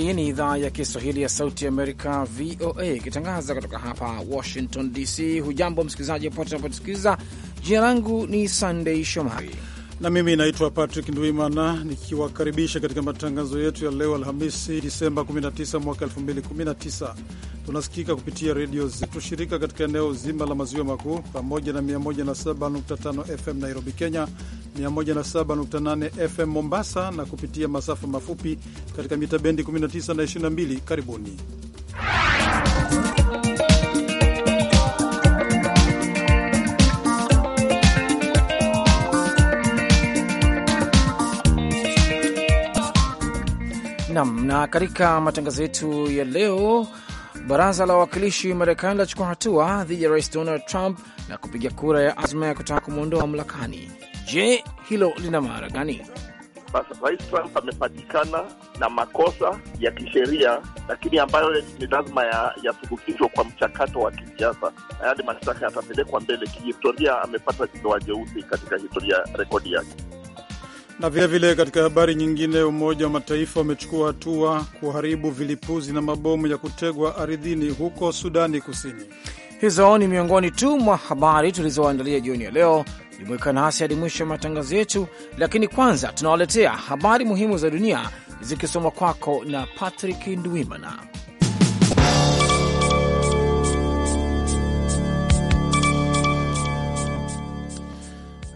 Hii ni idhaa ya Kiswahili ya Sauti ya Amerika, VOA, ikitangaza kutoka hapa Washington DC. Hujambo msikilizaji popote unapotusikiliza. Jina langu ni Sandei Shomari na mimi naitwa Patrick Ndwimana nikiwakaribisha katika matangazo yetu ya leo Alhamisi, Disemba 19 mwaka 2019. Tunasikika kupitia redio zetu shirika katika eneo zima la maziwa makuu pamoja na 107.5 FM Nairobi, Kenya, 107.8 FM Mombasa na kupitia masafa mafupi katika mita bendi 19 na 22. Karibuni. Nam na katika matangazo yetu ya leo Baraza la wawakilishi Marekani lachukua hatua dhidi ya rais Donald Trump na kupiga kura ya azma ya kutaka kumwondoa mamlakani. Je, hilo lina maana gani? Rais Trump amepatikana na makosa ya kisheria, lakini ambayo ni lazima yasuluhishwa ya kwa mchakato wa kisiasa, na yale mashtaka yatapelekwa mbele kihistoria. Amepata jidoa jeusi katika historia, rekodi yake. Na vilevile vile katika habari nyingine, Umoja wa Mataifa umechukua hatua kuharibu vilipuzi na mabomu ya kutegwa ardhini huko Sudani Kusini. Hizo ni miongoni tu mwa habari tulizoandalia jioni ya leo. Jumuika nasi hadi mwisho ya matangazo yetu, lakini kwanza tunawaletea habari muhimu za dunia zikisomwa kwako na Patrick Ndwimana.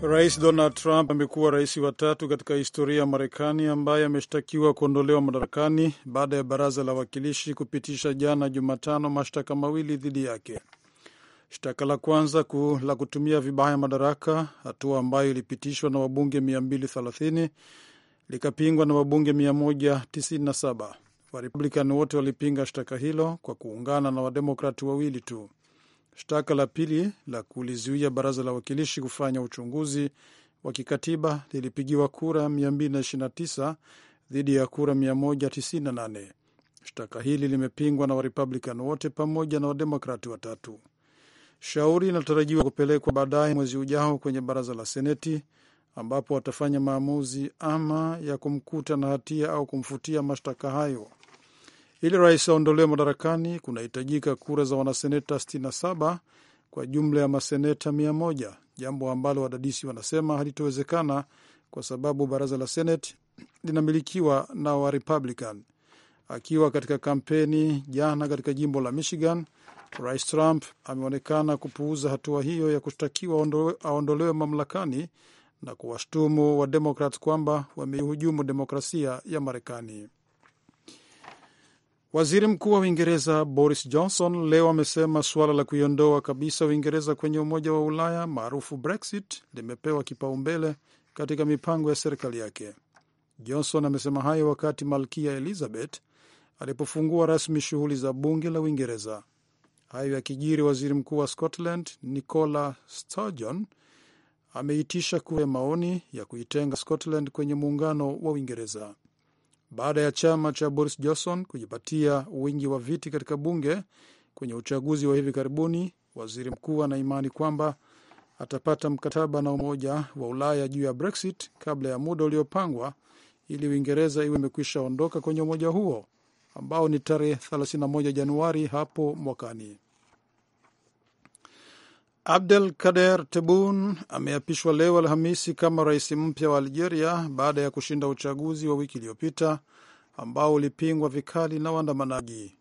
Rais Donald Trump amekuwa rais wa tatu katika historia ya Marekani ambaye ameshtakiwa kuondolewa madarakani baada ya baraza la wawakilishi kupitisha jana Jumatano mashtaka mawili dhidi yake. Shtaka la kwanza ku, la kutumia vibaya madaraka, hatua ambayo ilipitishwa na wabunge 230 likapingwa na wabunge 197. Warepublikani wote walipinga shtaka hilo kwa kuungana na wademokrati wawili tu. Shtaka la pili la kulizuia baraza la wawakilishi kufanya uchunguzi wa kikatiba lilipigiwa kura 229 dhidi ya kura 198. Shtaka hili limepingwa na Warepublican wote pamoja na Wademokrati watatu. Shauri inatarajiwa kupelekwa baadaye mwezi ujao kwenye baraza la Seneti, ambapo watafanya maamuzi ama ya kumkuta na hatia au kumfutia mashtaka hayo. Ili rais aondolewe madarakani, kunahitajika kura za wanaseneta 67 kwa jumla ya maseneta 100, jambo ambalo wadadisi wanasema halitowezekana kwa sababu baraza la Senate linamilikiwa na Warepublican. Akiwa katika kampeni jana katika jimbo la Michigan, Rais Trump ameonekana kupuuza hatua hiyo ya kushtakiwa aondolewe mamlakani na kuwashtumu wademokrat kwamba wameihujumu demokrasia ya Marekani. Waziri Mkuu wa Uingereza Boris Johnson leo amesema suala la kuiondoa kabisa Uingereza kwenye Umoja wa Ulaya maarufu Brexit limepewa kipaumbele katika mipango ya serikali yake. Johnson amesema hayo wakati Malkia Elizabeth alipofungua rasmi shughuli za bunge la Uingereza. Hayo yakijiri, waziri mkuu wa Scotland Nicola Sturgeon ameitisha kura ya maoni ya kuitenga Scotland kwenye muungano wa Uingereza baada ya chama cha Boris Johnson kujipatia wingi wa viti katika bunge kwenye uchaguzi wa hivi karibuni. Waziri mkuu ana imani kwamba atapata mkataba na Umoja wa Ulaya juu ya Brexit kabla ya muda uliopangwa ili Uingereza iwe imekwisha ondoka kwenye umoja huo ambao ni tarehe 31 Januari hapo mwakani. Abdel Kader Tebun ameapishwa leo Alhamisi kama rais mpya wa Algeria baada ya kushinda uchaguzi wa wiki iliyopita ambao ulipingwa vikali na waandamanaji.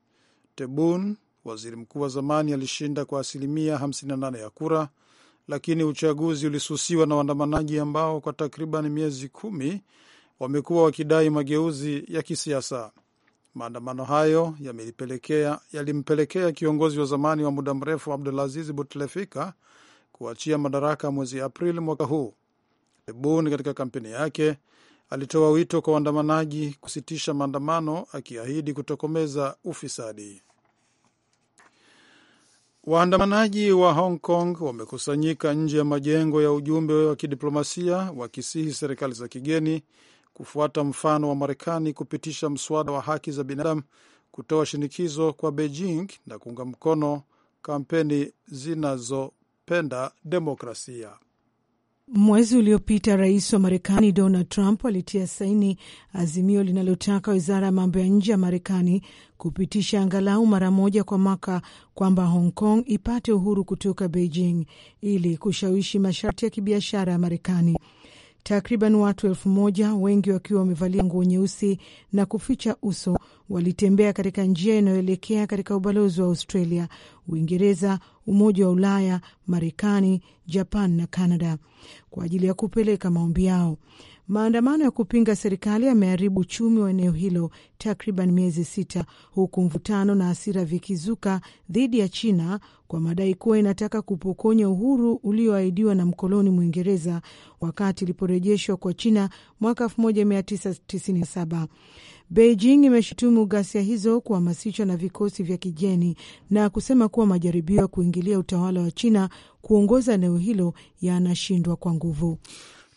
Tebun, waziri mkuu wa zamani, alishinda kwa asilimia 58 ya kura, lakini uchaguzi ulisusiwa na waandamanaji ambao kwa takriban miezi kumi wamekuwa wakidai mageuzi ya kisiasa. Maandamano hayo yalimpelekea kiongozi wa zamani wa muda mrefu Abdulaziz Butlefika kuachia madaraka mwezi Aprili mwaka huu. Tebboune katika kampeni yake alitoa wito kwa waandamanaji kusitisha maandamano, akiahidi kutokomeza ufisadi. Waandamanaji wa Hong Kong wamekusanyika nje ya majengo ya ujumbe wa kidiplomasia wakisihi serikali za kigeni kufuata mfano wa Marekani kupitisha mswada wa haki za binadamu, kutoa shinikizo kwa Beijing na kuunga mkono kampeni zinazopenda demokrasia. Mwezi uliopita rais wa Marekani Donald Trump alitia saini azimio linalotaka wizara ya mambo ya nje ya Marekani kupitisha angalau mara moja kwa mwaka kwamba Hong Kong ipate uhuru kutoka Beijing ili kushawishi masharti ya kibiashara ya Marekani. Takriban watu elfu moja wengi wakiwa wamevalia nguo nyeusi na kuficha uso walitembea katika njia inayoelekea katika ubalozi wa Australia, Uingereza, Umoja wa Ulaya, Marekani, Japan na Canada kwa ajili ya kupeleka maombi yao. Maandamano ya kupinga serikali yameharibu uchumi wa eneo hilo takriban miezi sita, huku mvutano na hasira vikizuka dhidi ya China kwa madai kuwa inataka kupokonya uhuru ulioahidiwa na mkoloni Mwingereza wakati iliporejeshwa kwa China mwaka 1997. Beijing imeshutumu ghasia hizo kuhamasishwa na vikosi vya kigeni na kusema kuwa majaribio ya kuingilia utawala wa China kuongoza eneo hilo yanashindwa kwa nguvu.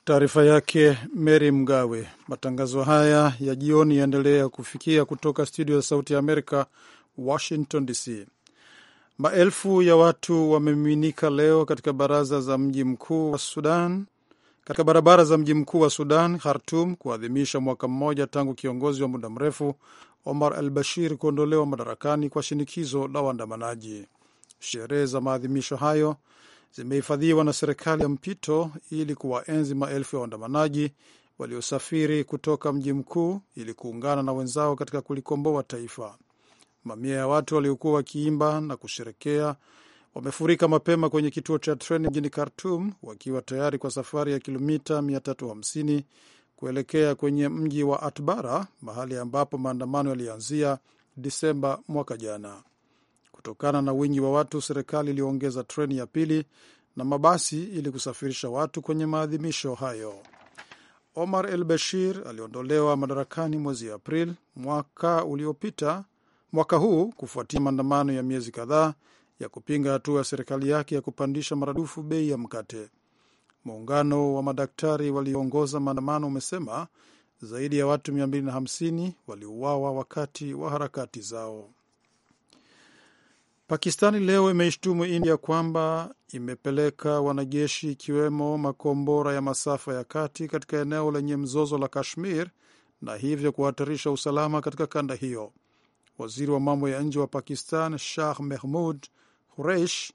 Taarifa yake Mary Mgawe. Matangazo haya ya jioni yaendelea kufikia kutoka studio ya Sauti ya Amerika, Washington DC. Maelfu ya watu wamemiminika leo katika baraza za mji mkuu wa Sudan katika barabara za mji mkuu wa Sudan, Khartum, kuadhimisha mwaka mmoja tangu kiongozi wa muda mrefu Omar al Bashir kuondolewa madarakani kwa shinikizo la waandamanaji. Sherehe za maadhimisho hayo zimehifadhiwa na serikali ya mpito ili kuwaenzi maelfu ya waandamanaji waliosafiri kutoka mji mkuu ili kuungana na wenzao katika kulikomboa taifa. Mamia ya watu waliokuwa wakiimba na kusherekea wamefurika mapema kwenye kituo cha treni mjini Khartum wakiwa tayari kwa safari ya kilomita 350 kuelekea kwenye mji wa Atbara, mahali ambapo maandamano yalianzia Disemba mwaka jana. Kutokana na wingi wa watu, serikali iliongeza treni ya pili na mabasi ili kusafirisha watu kwenye maadhimisho hayo. Omar El Bashir aliondolewa madarakani mwezi Aprili mwaka uliopita mwaka huu kufuatia maandamano ya miezi kadhaa ya kupinga hatua ya serikali yake ya kupandisha maradufu bei ya mkate. Muungano wa madaktari walioongoza maandamano umesema zaidi ya watu 250 waliuawa wakati wa harakati zao. Pakistani leo imeishtumu India kwamba imepeleka wanajeshi ikiwemo makombora ya masafa ya kati katika eneo lenye mzozo la Kashmir na hivyo kuhatarisha usalama katika kanda hiyo. Waziri wa mambo ya nje wa Pakistan Shah Mehmud Quraish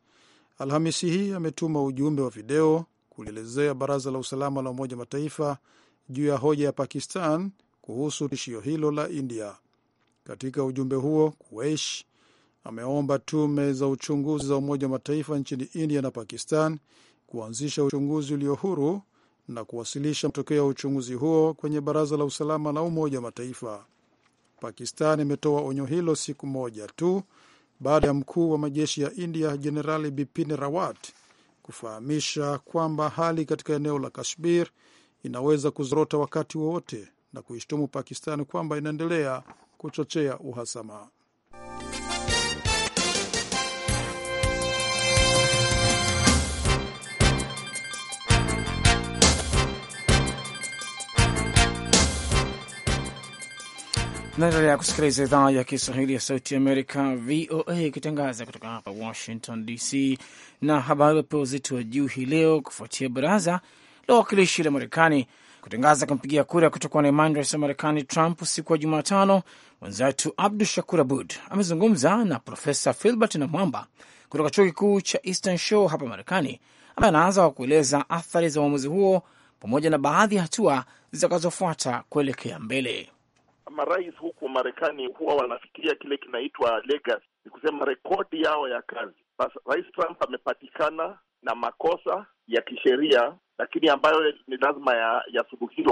Alhamisi hii ametuma ujumbe wa video kulielezea Baraza la Usalama la Umoja Mataifa juu ya hoja ya Pakistan kuhusu tishio hilo la India. Katika ujumbe huo, Quraish ameomba tume za uchunguzi za Umoja wa Mataifa nchini India na Pakistan kuanzisha uchunguzi ulio huru na kuwasilisha matokeo ya uchunguzi huo kwenye Baraza la Usalama la Umoja wa Mataifa. Pakistan imetoa onyo hilo siku moja tu baada ya mkuu wa majeshi ya India Jenerali Bipin Rawat kufahamisha kwamba hali katika eneo la Kashmir inaweza kuzorota wakati wowote na kuishtumu Pakistani kwamba inaendelea kuchochea uhasama. Naendelea kusikiliza idhaa ya Kiswahili ya Sauti Amerika, VOA, ikitangaza kutoka hapa Washington DC. Na habari wapewa uzito wa juu hii leo kufuatia baraza la wawakilishi la Marekani kutangaza kumpigia kura kutokuwa na imani rais wa Marekani Trump siku wa Jumatano. Mwenzetu Abdu Shakur Abud amezungumza na Profesa Filbert na Mwamba kutoka chuo kikuu cha Eastern Shore hapa Marekani, ambaye anaanza kwa kueleza athari za uamuzi huo pamoja na baadhi ya hatua zitakazofuata kuelekea mbele marais huku Marekani huwa wanafikiria kile kinaitwa legacy, ni kusema rekodi yao ya kazi. Bas, Rais Trump amepatikana na makosa ya kisheria lakini ambayo ni lazima ya ya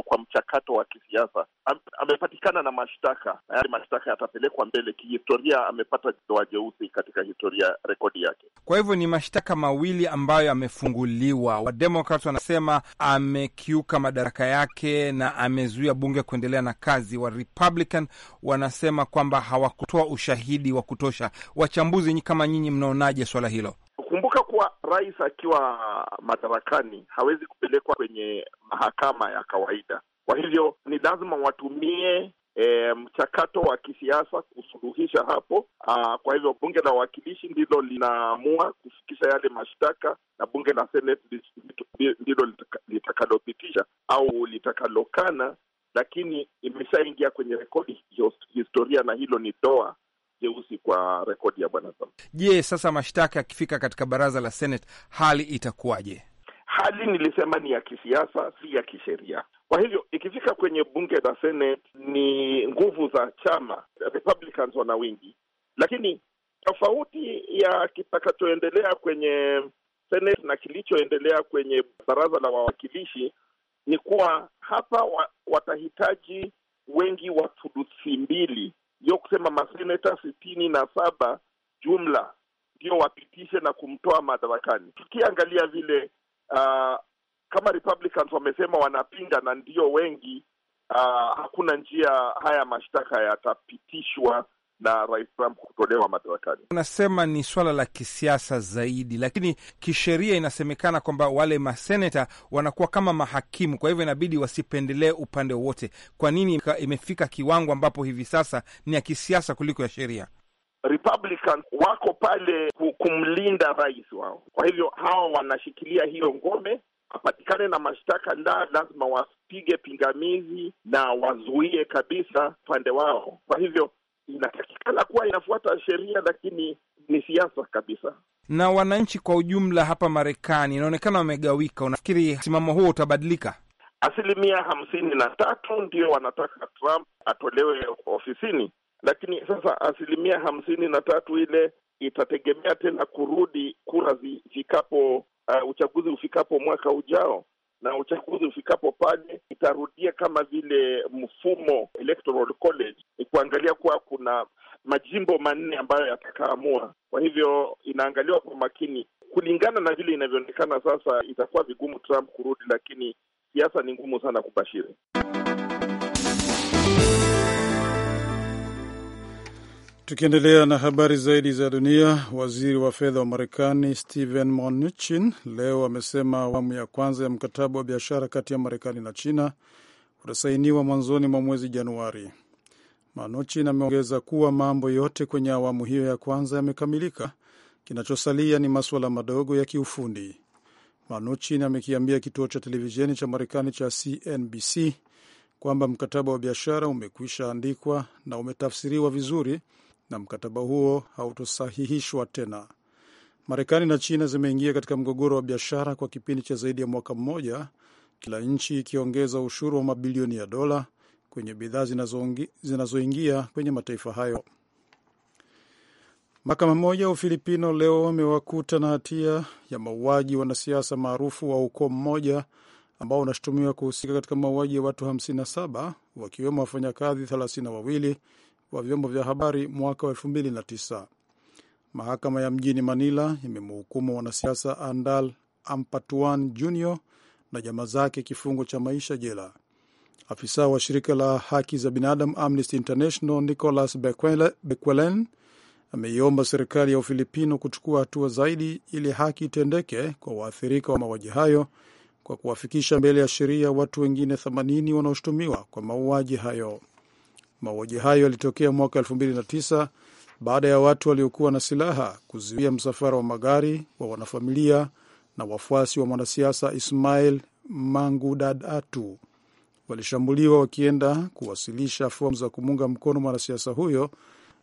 kwa mchakato wa kisiasa. Am, amepatikana na mashtaka na yale mashtaka yatapelekwa mbele. Kihistoria amepata doa jeusi katika historia rekodi yake. Kwa hivyo ni mashtaka mawili ambayo amefunguliwa. Wademokrat wanasema amekiuka madaraka yake na amezuia bunge kuendelea na kazi. Wa Republican wanasema kwamba hawakutoa ushahidi wa kutosha. Wachambuzi kama nyinyi, mnaonaje swala hilo? Kumbuka kuwa rais akiwa madarakani hawezi kupelekwa kwenye mahakama ya kawaida. Kwa hivyo ni lazima watumie E, mchakato wa kisiasa kusuluhisha hapo. Aa, kwa hivyo bunge la wawakilishi ndilo linaamua kufikisha yale mashtaka na bunge la seneti ndilo litakalopitisha au litakalokana, lakini imeshaingia kwenye rekodi historia, na hilo ni doa jeusi kwa rekodi ya bwana Trump. Je, sasa mashtaka yakifika katika baraza la Senate hali itakuwaje? Hali nilisema ni ya kisiasa, si ya kisheria. Kwa hivyo ikifika kwenye bunge la Senate ni nguvu za chama Republicans wana wingi, lakini tofauti ya kitakachoendelea kwenye Senate na kilichoendelea kwenye baraza la wawakilishi ni kuwa hapa watahitaji wengi wa thuluthi mbili ndio kusema maseneta sitini na saba jumla ndio wapitishe na kumtoa madarakani. Tukiangalia vile uh, kama Republicans wamesema wanapinga na ndio wengi uh, hakuna njia haya mashtaka yatapitishwa na Rais Trump kutolewa madarakani. Unasema ni swala la kisiasa zaidi, lakini kisheria inasemekana kwamba wale maseneta wanakuwa kama mahakimu, kwa hivyo inabidi wasipendelee upande wowote. Kwa nini imefika kiwango ambapo hivi sasa ni ya kisiasa kuliko ya sheria? Republican wako pale kumlinda rais wao, kwa hivyo hawa wanashikilia hiyo ngome apatikane na mashtaka nda lazima wapige pingamizi na wazuie kabisa upande wao. Kwa hivyo inatakikana kuwa inafuata sheria, lakini ni siasa kabisa. Na wananchi kwa ujumla hapa Marekani inaonekana wamegawika. Unafikiri msimamo huo utabadilika? Asilimia hamsini na tatu ndio wanataka Trump atolewe ofisini, lakini sasa asilimia hamsini na tatu ile itategemea tena kurudi kura zifikapo, uh, uchaguzi ufikapo mwaka ujao na uchaguzi ufikapo pale itarudia kama vile mfumo electoral college, ni kuangalia kuwa kuna majimbo manne ambayo yatakaamua. Kwa hivyo inaangaliwa kwa makini. Kulingana na vile inavyoonekana sasa, itakuwa vigumu Trump kurudi, lakini siasa ni ngumu sana kubashiri. Tukiendelea na habari zaidi za dunia, waziri wa fedha wa Marekani Steven Mnuchin leo amesema awamu ya kwanza ya mkataba wa biashara kati ya Marekani na China utasainiwa mwanzoni mwa mwezi Januari. Mnuchin ameongeza kuwa mambo yote kwenye awamu hiyo ya kwanza yamekamilika, kinachosalia ni maswala madogo ya kiufundi. Mnuchin amekiambia kituo cha televisheni cha Marekani cha CNBC kwamba mkataba wa biashara umekwisha andikwa na umetafsiriwa vizuri na mkataba huo hautosahihishwa tena. Marekani na China zimeingia katika mgogoro wa biashara kwa kipindi cha zaidi ya mwaka mmoja, kila nchi ikiongeza ushuru wa mabilioni ya dola kwenye bidhaa zinazoingia kwenye mataifa hayo. Mahakama moja Ufilipino leo amewakuta na hatia ya mauaji wanasiasa maarufu wa ukoo mmoja ambao unashutumiwa kuhusika katika mauaji ya watu 57 wakiwemo wafanyakazi 32 wa vyombo vya habari mwaka wa 2009. Mahakama ya mjini Manila imemhukumu mwanasiasa Andal Ampatuan Jr na jamaa zake kifungo cha maisha jela. Afisa wa shirika la haki za binadamu Amnesty International Nicolas Bequelen ameiomba serikali ya Ufilipino kuchukua hatua zaidi ili haki itendeke kwa waathirika wa mauaji hayo kwa kuwafikisha mbele ya sheria watu wengine 80 wanaoshutumiwa kwa mauaji hayo. Mauaji hayo yalitokea mwaka 2009 baada ya watu waliokuwa na silaha kuzuia msafara wa magari wa wanafamilia na wafuasi wa mwanasiasa Ismail Mangudadatu walishambuliwa wakienda kuwasilisha fomu za kumunga mkono mwanasiasa huyo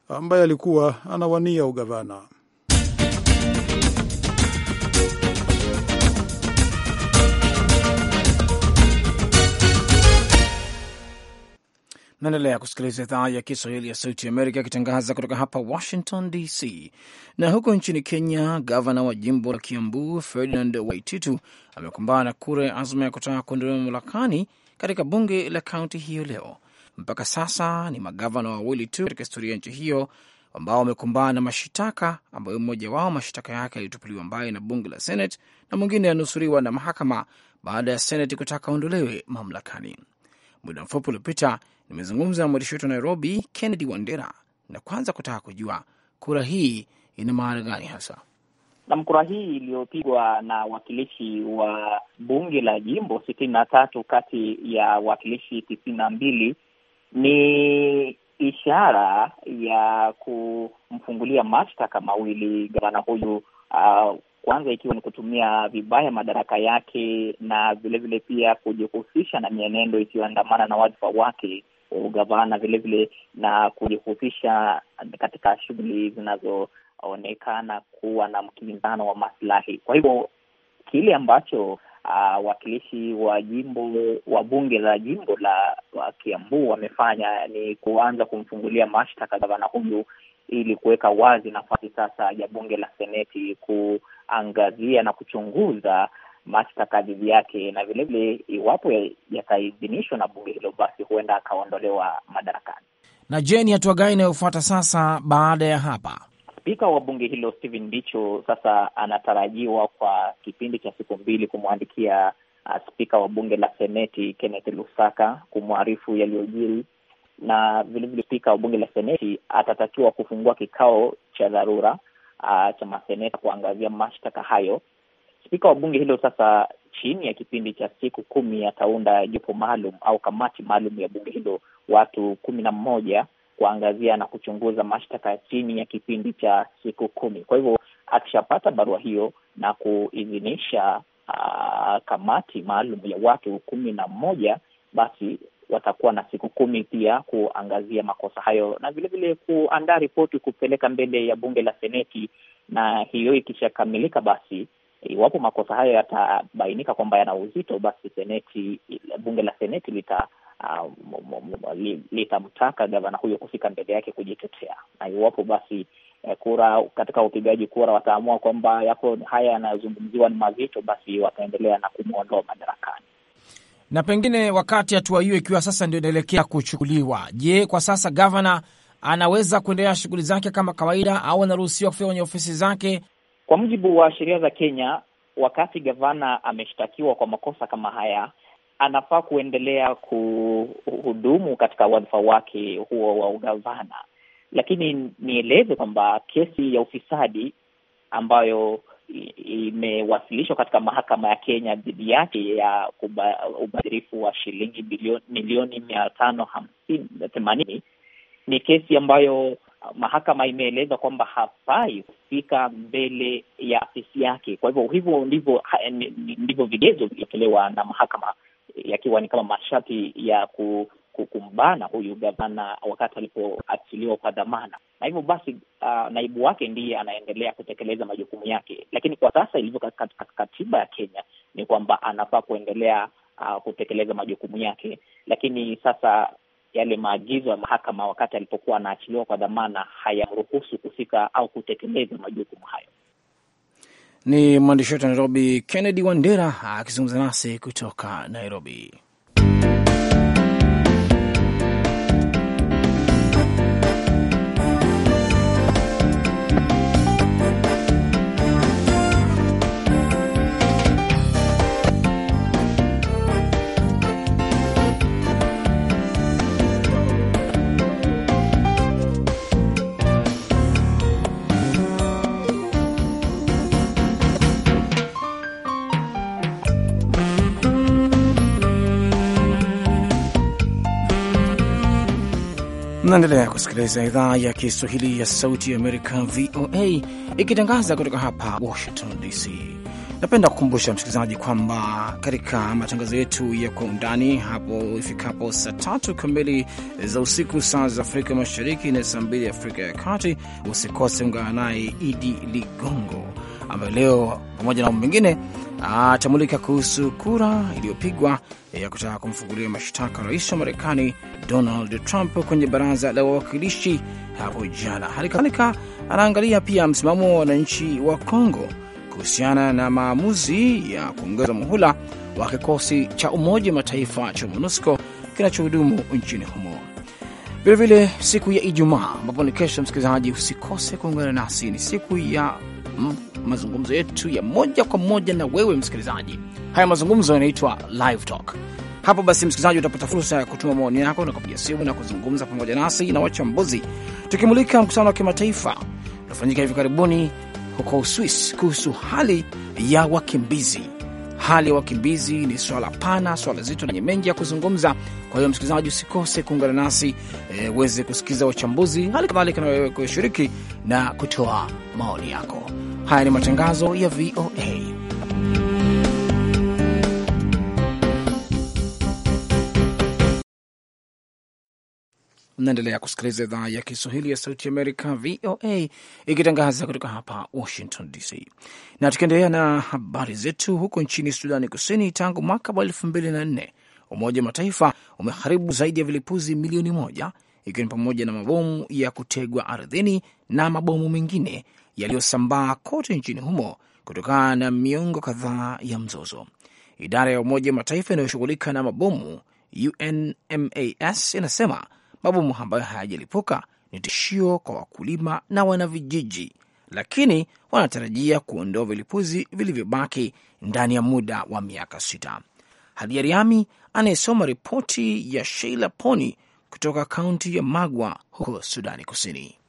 ambaye alikuwa anawania ugavana. Naendelea kusikiliza idhaa ya Kiswahili ya Sauti Amerika ikitangaza kutoka hapa Washington DC. Na huko nchini Kenya, gavana wa jimbo la Kiambu Ferdinand Waititu amekumbana na kura ya azma ya kutaka kuondolewa mamlakani katika bunge la kaunti hiyo leo. Mpaka sasa ni magavana wawili tu katika historia ya nchi hiyo ambao wamekumbana na mashitaka ambayo mmoja wao mashitaka yake yalitupuliwa mbali na bunge la Senate na mwingine anusuriwa na mahakama baada ya Senate kutaka aondolewe mamlakani. Muda mfupi uliopita Nimezungumza na mwandishi wetu wa Nairobi, Kennedy Wandera, na kwanza kutaka kujua kura hii ina maana gani hasa. Nam, kura hii iliyopigwa na wakilishi wa bunge la jimbo sitini na tatu kati ya wakilishi tisini na mbili ni ishara ya kumfungulia mashtaka mawili gavana huyu uh, kwanza ikiwa ni kutumia vibaya madaraka yake na vilevile vile pia kujihusisha na mienendo isiyoandamana na wadhifa wake ugavana vilevile na kujihusisha katika shughuli zinazoonekana kuwa na mkinzano wa maslahi. Kwa hivyo kile ambacho uh, wakilishi wa jimbo wa bunge la jimbo la Kiambu wamefanya ni kuanza kumfungulia mashtaka gavana huyu ili kuweka wazi nafasi sasa ya bunge la seneti kuangazia na kuchunguza dhidi yake na vilevile iwapo yataidhinishwa na bunge hilo, basi huenda akaondolewa madarakani. Na je, ni hatua gani inayofuata sasa baada ya hapa? Spika wa bunge hilo Steven Bicho sasa anatarajiwa kwa kipindi cha siku mbili kumwandikia uh, spika wa bunge la seneti Kenneth Lusaka kumwarifu yaliyojiri, na vilevile spika wa bunge la seneti atatakiwa kufungua kikao cha dharura uh, cha maseneta kuangazia mashtaka hayo Spika wa bunge hilo sasa chini ya kipindi cha siku kumi ataunda jopo maalum au kamati maalum ya bunge hilo, watu kumi na mmoja kuangazia na kuchunguza mashtaka chini ya kipindi cha siku kumi. Kwa hivyo akishapata barua hiyo na kuidhinisha uh, kamati maalum ya watu kumi na mmoja basi watakuwa na siku kumi pia kuangazia makosa hayo na vilevile kuandaa ripoti kupeleka mbele ya bunge la Seneti, na hiyo ikishakamilika basi Iwapo makosa hayo yatabainika kwamba yana uzito, basi seneti, bunge la seneti lita uh, litamtaka gavana huyo kufika mbele yake kujitetea, na iwapo basi eh, kura katika upigaji kura wataamua kwamba yapo haya yanayozungumziwa ni mazito, basi wataendelea na kumwondoa madarakani. Na pengine wakati hatua hiyo ikiwa sasa ndio inaelekea kuchukuliwa, je, kwa sasa gavana anaweza kuendelea shughuli zake kama kawaida au anaruhusiwa kufika kwenye ofisi zake kwa mujibu wa sheria za Kenya, wakati gavana ameshtakiwa kwa makosa kama haya, anafaa kuendelea kuhudumu katika wadhifa wake huo wa ugavana. Lakini nieleze kwamba kesi ya ufisadi ambayo imewasilishwa katika mahakama ya Kenya dhidi yake ya ubadhirifu wa shilingi bilioni milioni mia tano hamsini themanini ni kesi ambayo Uh, mahakama imeeleza kwamba hafai kufika mbele ya afisi yake. Kwa hivyo hivyo ndivyo ndivyo vigezo vilivyotolewa na mahakama, yakiwa ni kama masharti ya ku kumbana huyu gavana wakati alipoachiliwa kwa dhamana, na hivyo basi uh, naibu wake ndiye anaendelea kutekeleza majukumu yake, lakini kwa sasa ilivyo katika katiba ya Kenya ni kwamba anafaa kuendelea uh, kutekeleza majukumu yake, lakini sasa yale maagizo ya mahakama wakati alipokuwa anaachiliwa kwa dhamana hayamruhusu kufika au kutekeleza majukumu hayo. Ni mwandishi wetu wa Nairobi, Kennedy Wandera akizungumza nasi kutoka Nairobi. Mnaendelea kusikiliza idhaa ya Kiswahili ya Sauti ya Amerika, VOA, ikitangaza kutoka hapa Washington DC. Napenda kukumbusha msikilizaji kwamba katika matangazo yetu ya Kwa Undani hapo ifikapo saa tatu kamili za usiku, saa za Afrika Mashariki, na saa mbili Afrika ya Kati, usikose ungana naye Idi Ligongo ambayo leo pamoja na mambo mengine atamulika kuhusu kura iliyopigwa eh, ya kutaka kumfungulia mashtaka rais wa Marekani Donald Trump kwenye baraza la wawakilishi hapo jana. Halikadhalika anaangalia pia msimamo wa wananchi wa Kongo kuhusiana na maamuzi ya kuongeza muhula wa kikosi cha Umoja Mataifa cha MONUSCO kinachohudumu nchini humo. Vilevile siku ya Ijumaa, ambapo ni kesho, msikilizaji, usikose kuungana nasi, ni siku ya mazungumzo yetu ya moja kwa moja na wewe msikilizaji. Haya mazungumzo yanaitwa Live Talk. Hapo basi, msikilizaji, utapata fursa ya kutuma maoni yako na kupiga simu na kuzungumza pamoja nasi na wachambuzi, tukimulika mkutano wa kimataifa unafanyika hivi karibuni huko Uswis kuhusu hali ya wakimbizi. Hali ya wakimbizi ni swala pana, swala zito lenye mengi ya kuzungumza. Kwa hiyo, msikilizaji, usikose kuungana nasi eh, uweze kusikiza wachambuzi, hali kadhalika na wewe kushiriki na kutoa maoni yako. Haya ni matangazo ya VOA. Mnaendelea kusikiliza idhaa ya Kiswahili ya Sauti Amerika, VOA, ikitangaza kutoka hapa Washington DC. Na tukiendelea na habari zetu, huko nchini Sudani Kusini, tangu mwaka wa elfu mbili na nne Umoja wa Mataifa umeharibu zaidi ya vilipuzi milioni moja ikiwa ni pamoja na mabomu ya kutegwa ardhini na mabomu mengine yaliyosambaa kote nchini humo kutokana na miongo kadhaa ya mzozo. Idara ya Umoja wa Mataifa inayoshughulika na mabomu UNMAS inasema mabomu ambayo hayajalipuka ni tishio kwa wakulima na wanavijiji, lakini wanatarajia kuondoa vilipuzi vilivyobaki ndani ya muda wa miaka sita. Hadia Riami anayesoma ripoti ya Sheila Poni kutoka kaunti ya Magwa huko Sudani Kusini.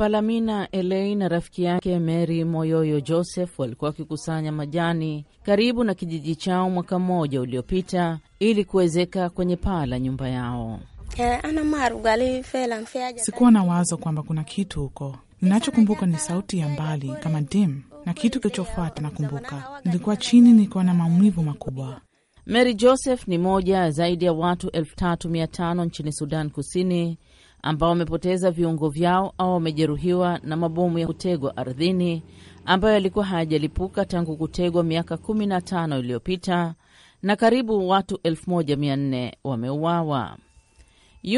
Palamina Elei na rafiki yake Mary Moyoyo Joseph walikuwa wakikusanya majani karibu na kijiji chao mwaka mmoja uliopita ili kuwezeka kwenye paa la nyumba yao. Eh, Sikuwa na wazo kwamba kuna kitu huko. Ninachokumbuka ni sauti ya mbali kama dim na kitu kilichofuata. Nakumbuka nilikuwa chini, nikiwa na maumivu makubwa. Mary Joseph ni moja zaidi ya watu elfu tatu mia tano nchini Sudan Kusini ambao wamepoteza viungo vyao au wamejeruhiwa na mabomu ya kutegwa ardhini ambayo yalikuwa hayajalipuka tangu kutegwa miaka 15 iliyopita na karibu watu 1400 wameuawa.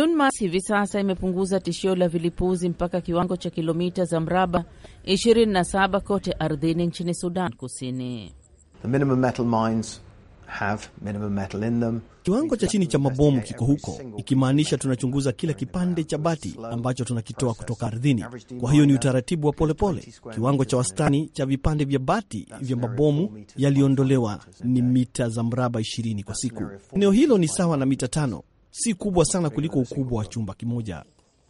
UNMAS hivi sasa imepunguza tishio la vilipuzi mpaka kiwango cha kilomita za mraba 27 kote ardhini nchini Sudan Kusini. The minimum metal mines have minimum metal in them. Kiwango cha chini cha mabomu kiko huko, ikimaanisha tunachunguza kila kipande cha bati ambacho tunakitoa kutoka ardhini. Kwa hiyo ni utaratibu wa polepole pole. Kiwango cha wastani cha vipande vya bati vya mabomu yaliyoondolewa ni mita za mraba 20 kwa siku. Eneo hilo ni sawa na mita tano, si kubwa sana kuliko ukubwa wa chumba kimoja.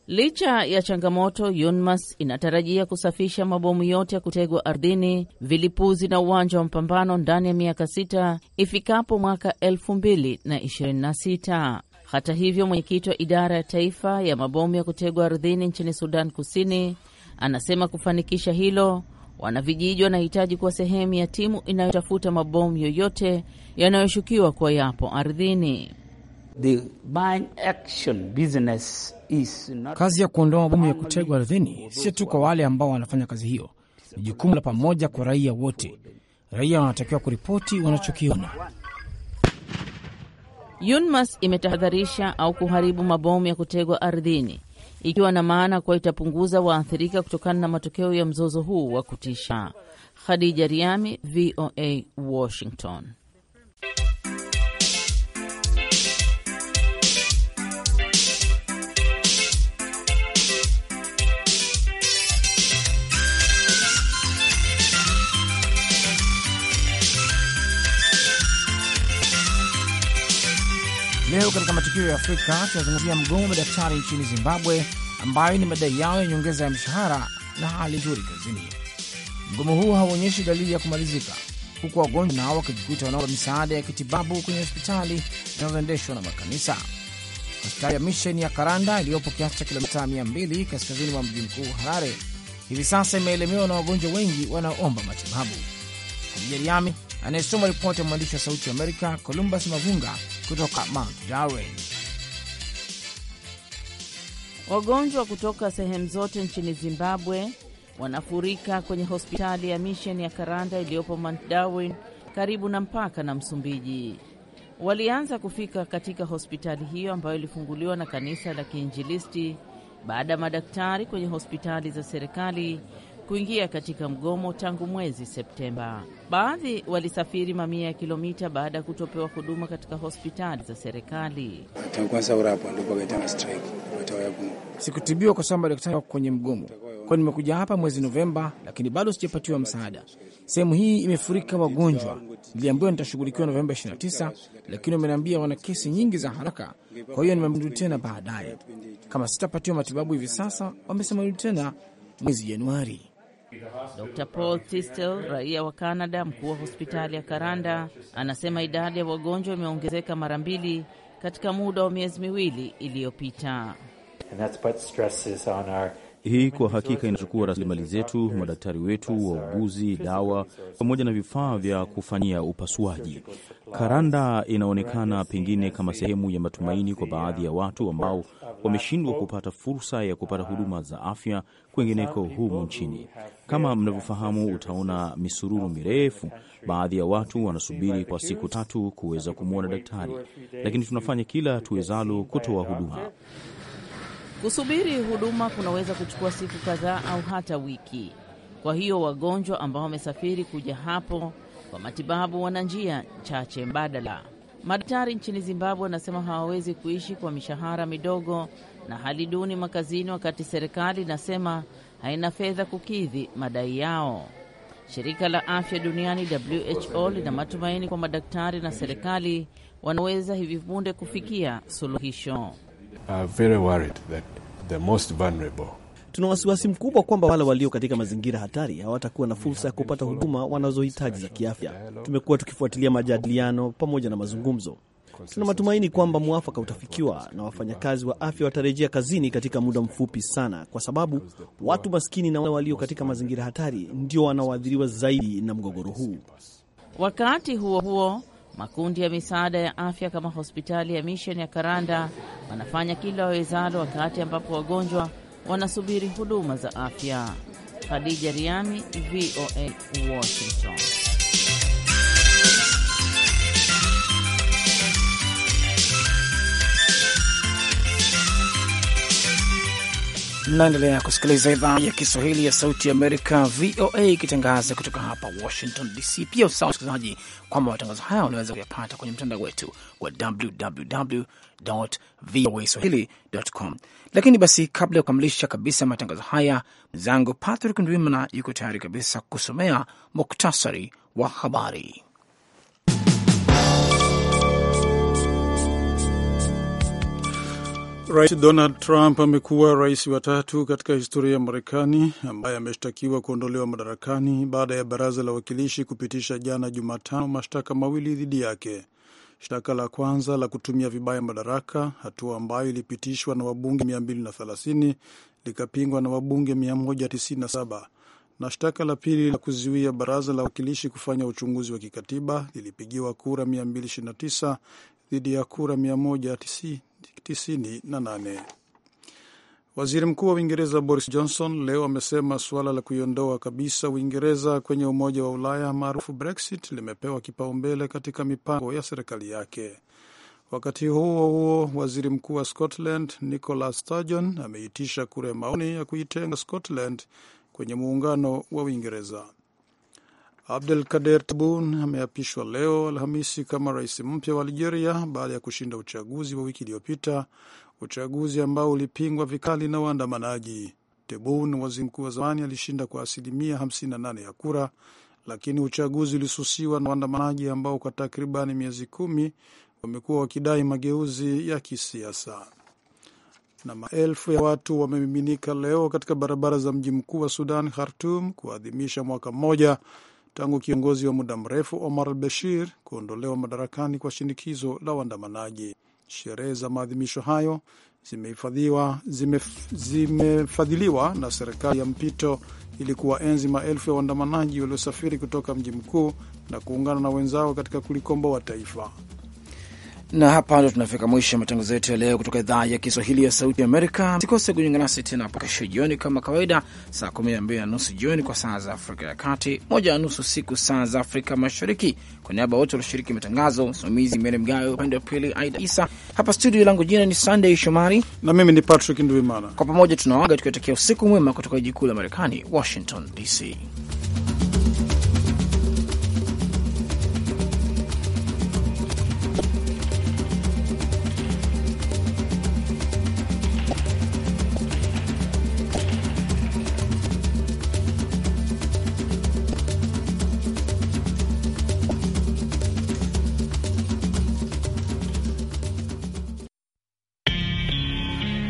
Licha ya changamoto, UNMAS inatarajia kusafisha mabomu yote ya kutegwa ardhini, vilipuzi na uwanja wa mapambano ndani ya miaka sita ifikapo mwaka elfu mbili na ishirini na sita. Hata hivyo, mwenyekiti wa idara ya taifa ya mabomu ya kutegwa ardhini nchini Sudan Kusini anasema kufanikisha hilo, wanavijiji wanahitaji kuwa sehemu ya timu inayotafuta mabomu yoyote yanayoshukiwa kuwa yapo ardhini. The action business is not... Kazi ya kuondoa mabomu ya kutegwa ardhini sio tu kwa wale ambao wanafanya kazi hiyo, ni jukumu la pamoja kwa raia wote. Raia wanatakiwa kuripoti wanachokiona. UNMAS imetahadharisha au kuharibu mabomu ya kutegwa ardhini, ikiwa na maana kuwa itapunguza waathirika kutokana na matokeo ya mzozo huu wa kutisha. Khadija Riami, VOA, Washington. katika matukio ya Afrika tunazungumzia mgomo madaktari nchini Zimbabwe, ambayo ni madai yao ya nyongeza ya mshahara na hali nzuri kazini. Mgomo huo hauonyeshi dalili ya kumalizika, huku wagonjwa nao wakijikuta wanaomba misaada ya kitibabu kwenye hospitali zinazoendeshwa na makanisa. Hospitali ya misheni ya Karanda iliyopo kiasi cha kilomita 200 kaskazini mwa mji mkuu Harare hivi sasa imeelemewa na wagonjwa wengi wanaoomba matibabu. Hadija Riami anayesoma ripoti ya mwandishi wa Sauti ya Amerika Columbus Mavunga kutoka Mark Darwin. Wagonjwa kutoka sehemu zote nchini Zimbabwe wanafurika kwenye hospitali ya misheni ya Karanda iliyopo Mount Darwin karibu na mpaka na Msumbiji. Walianza kufika katika hospitali hiyo ambayo ilifunguliwa na kanisa la Kiinjilisti baada ya madaktari kwenye hospitali za serikali kuingia katika mgomo tangu mwezi Septemba. Baadhi walisafiri mamia ya kilomita baada ya kutopewa huduma katika hospitali za serikali. Sikutibiwa kwa sababu madaktari wako kwenye mgomo, kwa nimekuja hapa mwezi Novemba, lakini bado sijapatiwa msaada. Sehemu hii imefurika wagonjwa. Niliambiwa nitashughulikiwa Novemba 29, lakini wameniambia wana kesi nyingi za haraka, kwa hiyo nimerudi tena baadaye. Kama sitapatiwa matibabu hivi sasa, wamesema rudi tena mwezi Januari. Dr Paul Tistel, raia wa Kanada, mkuu wa hospitali ya Karanda, anasema idadi ya wagonjwa imeongezeka mara mbili katika muda wa miezi miwili iliyopita. Hii kwa hakika inachukua rasilimali zetu, madaktari wetu, wauguzi, dawa pamoja na vifaa vya kufanyia upasuaji. Karanda inaonekana pengine kama sehemu ya matumaini kwa baadhi ya watu ambao wameshindwa kupata fursa ya kupata huduma za afya kwengineko humu nchini. Kama mnavyofahamu, utaona misururu mirefu. Baadhi ya watu wanasubiri kwa siku tatu kuweza kumwona daktari, lakini tunafanya kila tuwezalo kutoa huduma. Kusubiri huduma kunaweza kuchukua siku kadhaa au hata wiki. Kwa hiyo wagonjwa ambao wamesafiri kuja hapo kwa matibabu wana njia chache mbadala. Madaktari nchini Zimbabwe wanasema hawawezi kuishi kwa mishahara midogo na hali duni makazini, wakati serikali inasema haina fedha kukidhi madai yao. Shirika la afya duniani WHO lina matumaini kwa madaktari na serikali wanaweza hivi punde kufikia suluhisho. Tuna wasiwasi mkubwa kwamba wale walio katika mazingira hatari hawatakuwa na fursa ya kupata huduma wanazohitaji za kiafya. Tumekuwa tukifuatilia majadiliano pamoja na mazungumzo. Tuna matumaini kwamba mwafaka utafikiwa na wafanyakazi wa afya watarejea kazini katika muda mfupi sana, kwa sababu watu maskini na walio katika mazingira hatari ndio wanaoathiriwa zaidi na mgogoro huu. Wakati huo huo Makundi ya misaada ya afya kama hospitali ya Mishen ya Karanda wanafanya kila wawezalo, wakati ambapo wagonjwa wanasubiri huduma za afya. Khadija Riami, VOA, Washington. Mnaendelea kusikiliza idhaa ya Kiswahili ya Sauti Amerika, VOA, ikitangaza kutoka hapa Washington DC. Pia usawa msikilizaji kwamba matangazo haya unaweza kuyapata kwenye mtandao wetu wa www voa swahilicom. Lakini basi, kabla ya kukamilisha kabisa matangazo haya, mwenzangu Patrick Ndwimana yuko tayari kabisa kusomea muktasari wa habari. Rais Donald Trump amekuwa rais wa tatu katika historia ya Marekani ambaye ameshtakiwa kuondolewa madarakani baada ya baraza la wakilishi kupitisha jana Jumatano mashtaka mawili dhidi yake. Shtaka la kwanza la kutumia vibaya madaraka, hatua ambayo ilipitishwa na wabunge 230 likapingwa na wabunge 197, na shtaka la pili la kuzuia baraza la wakilishi kufanya uchunguzi wa kikatiba lilipigiwa kura 229 dhidi ya kura 190 98. Waziri Mkuu wa Uingereza Boris Johnson leo amesema suala la kuiondoa kabisa Uingereza kwenye Umoja wa Ulaya maarufu Brexit limepewa kipaumbele katika mipango ya serikali yake. Wakati huo huo, waziri mkuu wa Scotland Nicola Sturgeon ameitisha kura ya maoni ya kuitenga Scotland kwenye muungano wa Uingereza. Abdel Kader Tabun ameapishwa leo Alhamisi kama rais mpya wa Algeria baada ya kushinda uchaguzi wa wiki iliyopita, uchaguzi ambao ulipingwa vikali na waandamanaji. Tebun, waziri mkuu wa zamani, alishinda kwa asilimia 58 ya kura, lakini uchaguzi ulisusiwa na waandamanaji ambao kwa takribani miezi kumi wamekuwa wakidai mageuzi ya kisiasa. Na maelfu ya watu wamemiminika leo katika barabara za mji mkuu wa Sudan, Khartum, kuadhimisha mwaka mmoja tangu kiongozi wa muda mrefu Omar al Bashir kuondolewa madarakani kwa shinikizo la waandamanaji. Sherehe za maadhimisho hayo zimefadhiliwa zime na serikali ya mpito ili kuwaenzi maelfu ya waandamanaji waliosafiri kutoka mji mkuu na kuungana na wenzao katika kulikomboa taifa na hapa ndo tunafika mwisho matangazo yetu ya leo kutoka idhaa ya Kiswahili ya Sauti Amerika. Sikose kujiunga nasi tena hapo kesho jioni kama kawaida, saa kumi na mbili na nusu jioni kwa saa za Afrika ya Kati, moja na nusu siku saa za Afrika Mashariki. Kwa niaba wote walioshiriki matangazo, msimamizi Mere Mgayo, upande wa pili Aida Isa, hapa studio langu jina ni Sandey Shomari na mimi ni Patrick Nduimana. Kwa pamoja tunawaga tukiwatakia usiku mwema kutoka jiji kuu la Marekani, Washington DC.